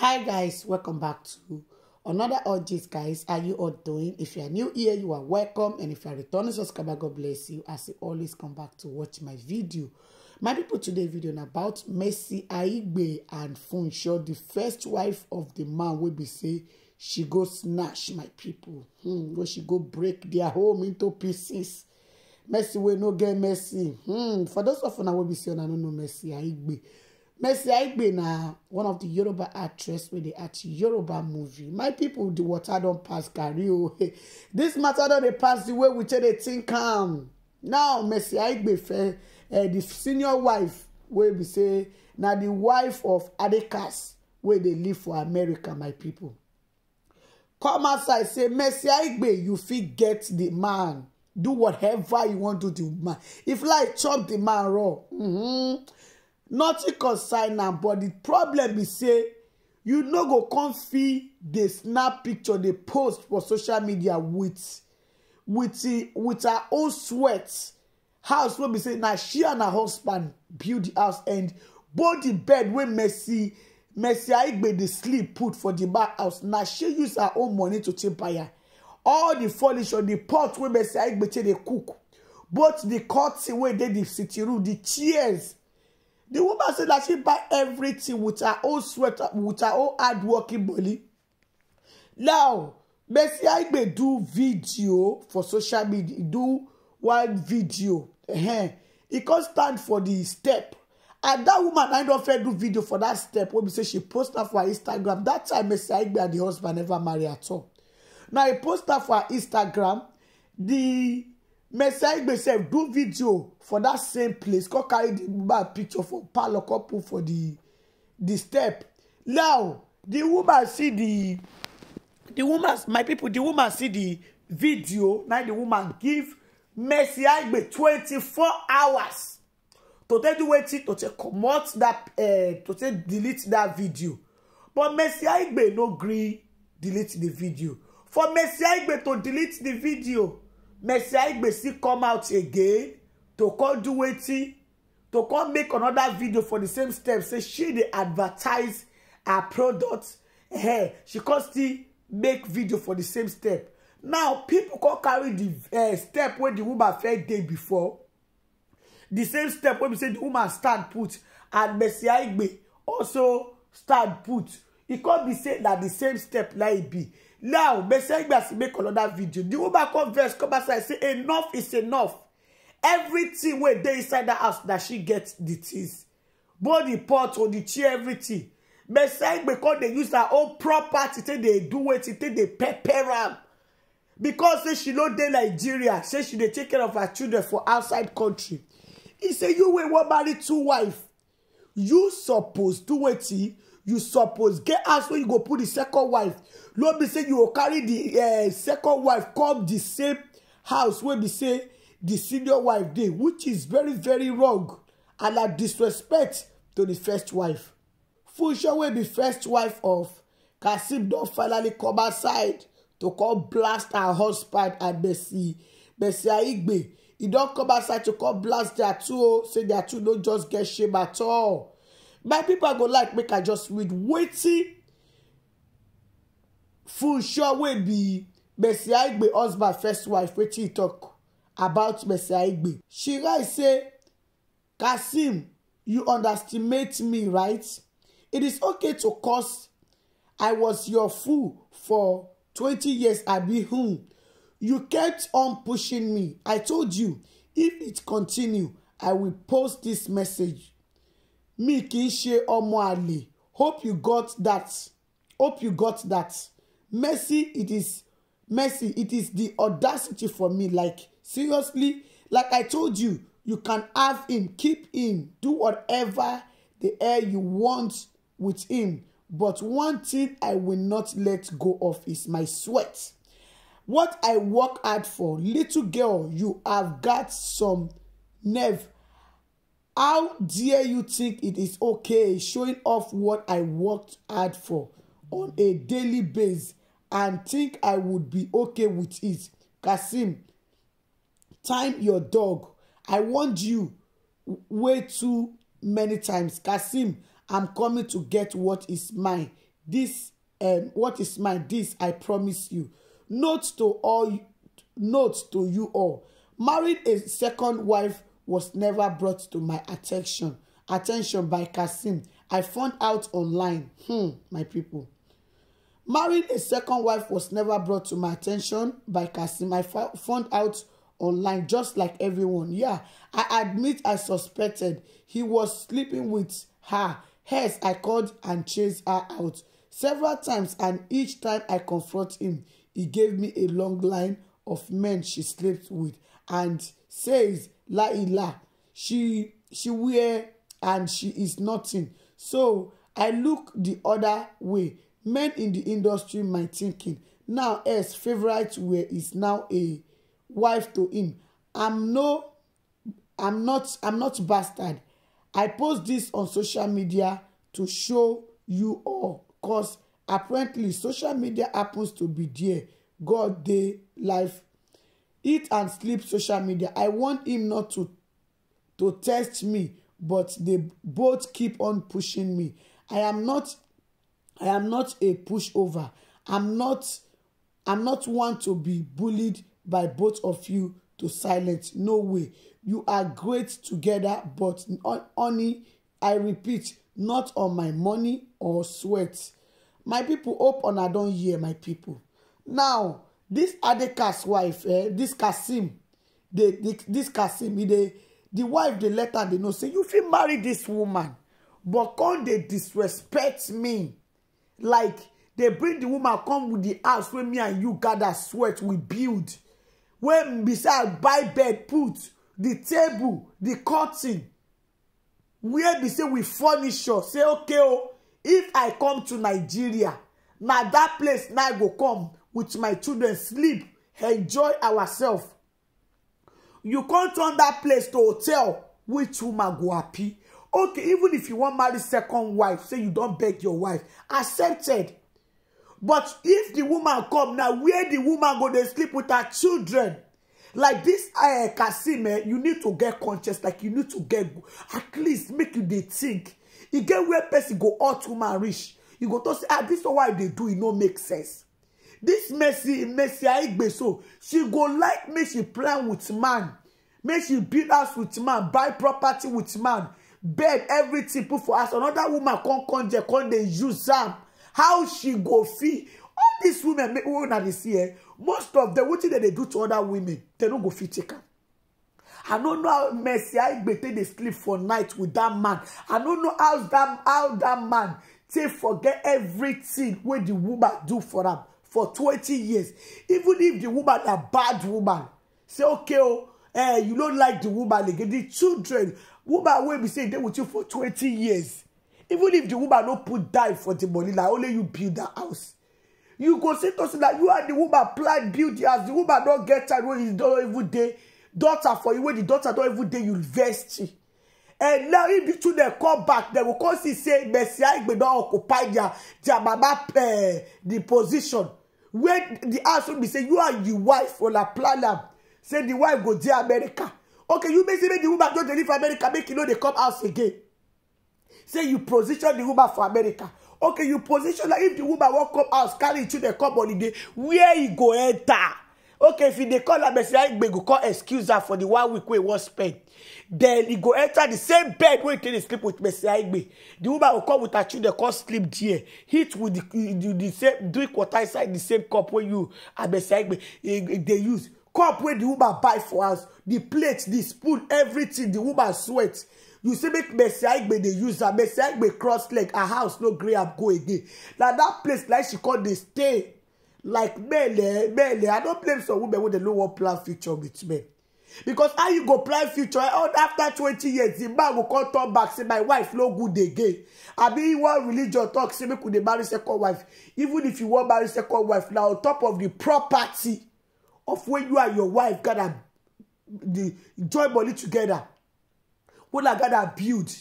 hi guys welcome back to another update guys how you all doing if you are new here you are welcome and if you are returning subscriber god bless you as you always come back to watch my video my people today video about Mercy Aigbe and Funsho the first wife of the man wey be say she go snatch my people hmm, wey she go break their home into pieces Mercy wey no get mercy hmm, for those of una wey be say una no know Mercy Aigbe Mercy Aigbe na one of the Yoruba actress wey dey act Yoruba movie. My people, the water don pass carry o. This matter don dey pass the way we take dey think am. Now Mercy Aigbe fẹ́ uh, the senior wife wey be say na the wife of Adekas wey dey live for America, my people. Come outside say Mercy Aigbe, you fit get the man. Do whatever you wan do to the man. If life chop the man raw. Mm-hmm nothing concern am but the problem be say you no go come fit dey snap picture dey post for social media with with with her own sweat house wey be say na she and her husband build the house and both the bed wey Mercy Mercy aigbe dey sleep put for the back house na she use her own money to take buy am all di furniture the pot wey Mercy aigbe take dey cook both the curtain wey dey the sitting room di chairs The woman said that she buy everything with her own sweat, with her own hardworking body. Now, Messi I Aigbe do video for social media. do one video. Uh-huh. He can't stand for the step. And that woman, I don't fair do video for that step. When we say she post her for her Instagram. That time, Mercy Aigbe and the husband never marry at all. Now, he post her for her Instagram. The Messiah Igbesef do video for that same place come carry the woman picture for parlour come put for the the step now the woman see the the woman my people the woman see the video na the woman give Messiah Igbe twenty-four hours to take do wetin to take comot that uh, to take delete that video but Messiah Igbe no gree delete the video for Messiah Igbe to delete the video messiah igbesi come out again to come do wetin to come make another video for the same step say she dey advertise her product Hey, she come still make video for the same step now people come carry di eh, step wey the woman first dey before The same step wey be say the woman stand put and messiah igbe also stand put e come be say na the same step na e be now message gbà sí make another video the woman come vex come outside say enough is enough everything wey dey inside that house that she gets the things both the pot or the chair everything message gbe come dey use her own property take dey do wetin take dey pepper am because say she no dey nigeria say she dey take care of her children for outside country He say you wey wan marry two wife you suppose do wetin you suppose get house wey you go put the second wife no be say you go carry the eh, second wife come the same house wey be say the senior wife dey which is very very wrong and na disrespect to the first wife function wey be first wife of kasim don finally come outside to come blast her husband and mercy mercy aigbe e don come outside to come blast their two o say their two no just get shame at all my people go like make i just read wetin sure wey be messi aigbe husband first wife wetin e tok about messi aigbe she write say kasim you underestimate me right it is okay to curse i was your fool for twenty years i be hmm you kept on pushing me i told you if it continue i will post this message mi kì í ṣe ọmọ àlè hope you got that hope you got that mercy it is mercy it is the audacity for me like seriously like i told you you can have him keep him do whatever the hell you want with him but one thing i will not let go of is my sweat what i work hard for little girl you have got some nerve How dare you think it is okay showing off what I worked hard for on a daily basis and think I would be okay with it? Kasim, time your dog. I want you way too many times. Kasim, I'm coming to get what is mine. This um, what is mine, this I promise you. Note to all note to you all. Married a second wife was never brought to my attention attention by Kasim I found out online hmm, my people marrying a second wife was never brought to my attention by Kasim I found out online just like everyone yeah I admit I suspected he was sleeping with her hence I called and chased her out several times and each time I confront him he gave me a long line of men she slept with and says laila she she wear and she is nothing so i look the other way men in the industry my thinking now s favourite wear is now a wife to him i'm no i'm not i'm not bastard i post this on social media to show you all cause apparently social media happens to be there god dey life eat and sleep social media i want him not to to test me but they both keep on pushing me i am not i am not a pushover i'm not i'm not one to be bullied by both of you to silence no way you are great together but honey i repeat not on my money or sweat my people hope I don't hear my people now dis adekas wife eh this kasim dis kasim the wife the let they dey know say you fit marry this woman but come they disrespect me like they bring the woman come with the house wey me and you gather sweat we build when beside buy bed put the table the curtain where be say we furnish furniture say okay oh if i come to nigeria now that place now i go come with my children, sleep, enjoy ourselves. You can't turn that place to hotel, which woman go happy. Okay, even if you want marry second wife, say you don't beg your wife, accepted. But if the woman come now, where the woman go, they sleep with her children. Like this uh, Kasim, eh, you need to get conscious, like you need to get, at least make you dey think. E get where person go out woman reach. You go to say, ah, this is why they do, it e no make sense. This mercy mercy aigbe so she go like make she plan with man make she build house with man buy property with man bed everything put for house another woman come come there come dey use am how she go feel all these women wey una dey see eh most of dem wetin dem dey do to other women dem no go fit take am i no know how mercy aigbe take dey sleep for night with that man i no know how that how that man take forget everything wey the woman do for am for 20 years. Even if the woman a bad woman, say, okay, oh, eh, you don't like the woman again. The children, woman will be saying they with you for 20 years. Even if the woman don't put die for the money, like only you build the house. You go say to that you and the woman plan build the house. The woman don't get time when you don't every day. Daughter for you, when the daughter don't every day, you invest. And now if the children come back, they will come see say Messiah Igbe don't occupy their, their mama uh, the position wey the house be say you and your wife una plan am say the wife go dey america okay you mean say make the woman don dey live for america make you no dey come house again say you position the woman for america okay you position if the woman wan come house carry children come holiday where e go enter okay if you dey call abesina igbe go call excuse her for the one week wey he wan spend then e go enter the same bed where he take dey sleep with mesina igbe the woman will come with her children come sleep there hit with the the, the same drink water inside the same cup where you abesina igbe They e, e, use cup where the woman buy for us the plate the spoon everything the woman sweat you see make messia igbe dey use am messia igbe cross leg her house no grey am go again na that place like she come the stay like mele mele i don blame some women wey dem no wan plan future with men because how you go plan future eh, Oh, after twenty years the man go come turn back say my wife no good again abi one religion talk say make we dey marry second wife even if you wan marry second wife na on top of the property of when you and your wife gather the join money together I gather build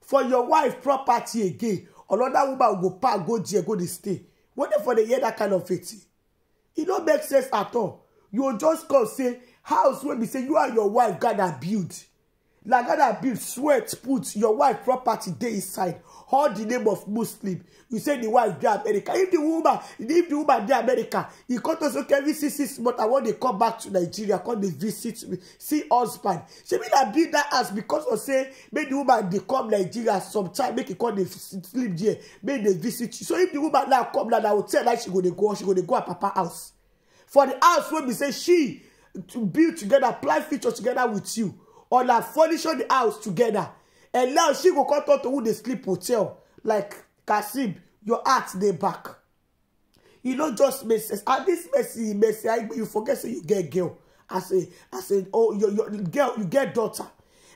for your wife property again another woman go pack go there go dey stay wey dey for dey hear dat kind of faith it e don't make sense at all you just come say house wey be say you and your wife gather build Like lagada bill sweat put your wife property dey inside all the name of muslim you say the wife dey america if the woman if the woman dey america e come to say every six six months i wan dey come back to nigeria come dey visit me see husband shebi na build that house because of say make the woman dey come nigeria sometime make e come dey sleep there make dey visit you so if the woman now come na na hotel na she go dey go she go dey go her papa house for the house wey be say she to build together plan future together with you or na furnishing the house together and now she go come talk to who dey sleep hotel like kasib your heart they back You know, just messes. sense and this messy messy, aigbe you forget say you get girl I say, I say, oh your your girl you get daughter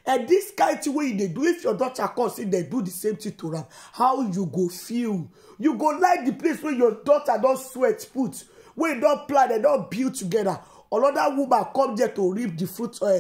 and this kind of way they do if your daughter come say they do the same thing to her. how you go feel you go like the place where your daughter don't sweat put wey don't plan they don't build together another woman come there to reap the fruit uh,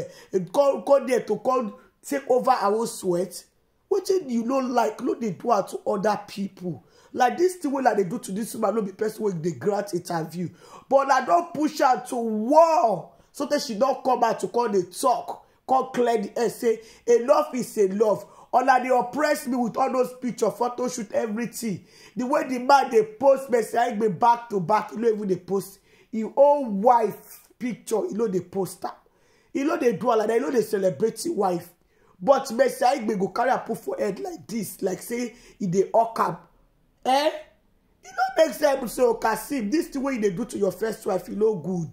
come come there to come take over our sweat wetin you no like no dey do am to other people like this thing wey like dey do to this woman no be person wey dey grant interview but I don't push her to war so that she don't come out to call the talk call clear the air say enough is enough Or that they oppress me with all those picture photo shoot everything the way the man they post messi aigbe back to back he no even dey post him own wife picture e no dey poster, am e no dey do all that e no dey celebrate im wife but messi aigbe go carry am put for head like this, like say e dey hawk am eh e no make sense so kasim This thing wey you dey do to your first wife e no good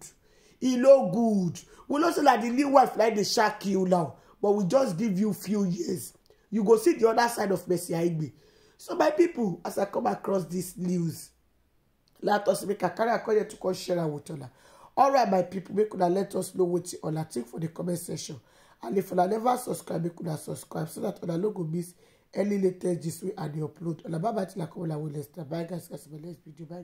e no good we know say na the new wife like dey shark you now but we just give you few years you go see the other side of messi aigbe so my people as i come across this news let us make i carry according to come share am with una all right my people, make una let us know what you all think for the comment section and if una never subscribe make una subscribe so that una no go miss any latest this way and dey upload una bye bye till bye guys guys my next video bye.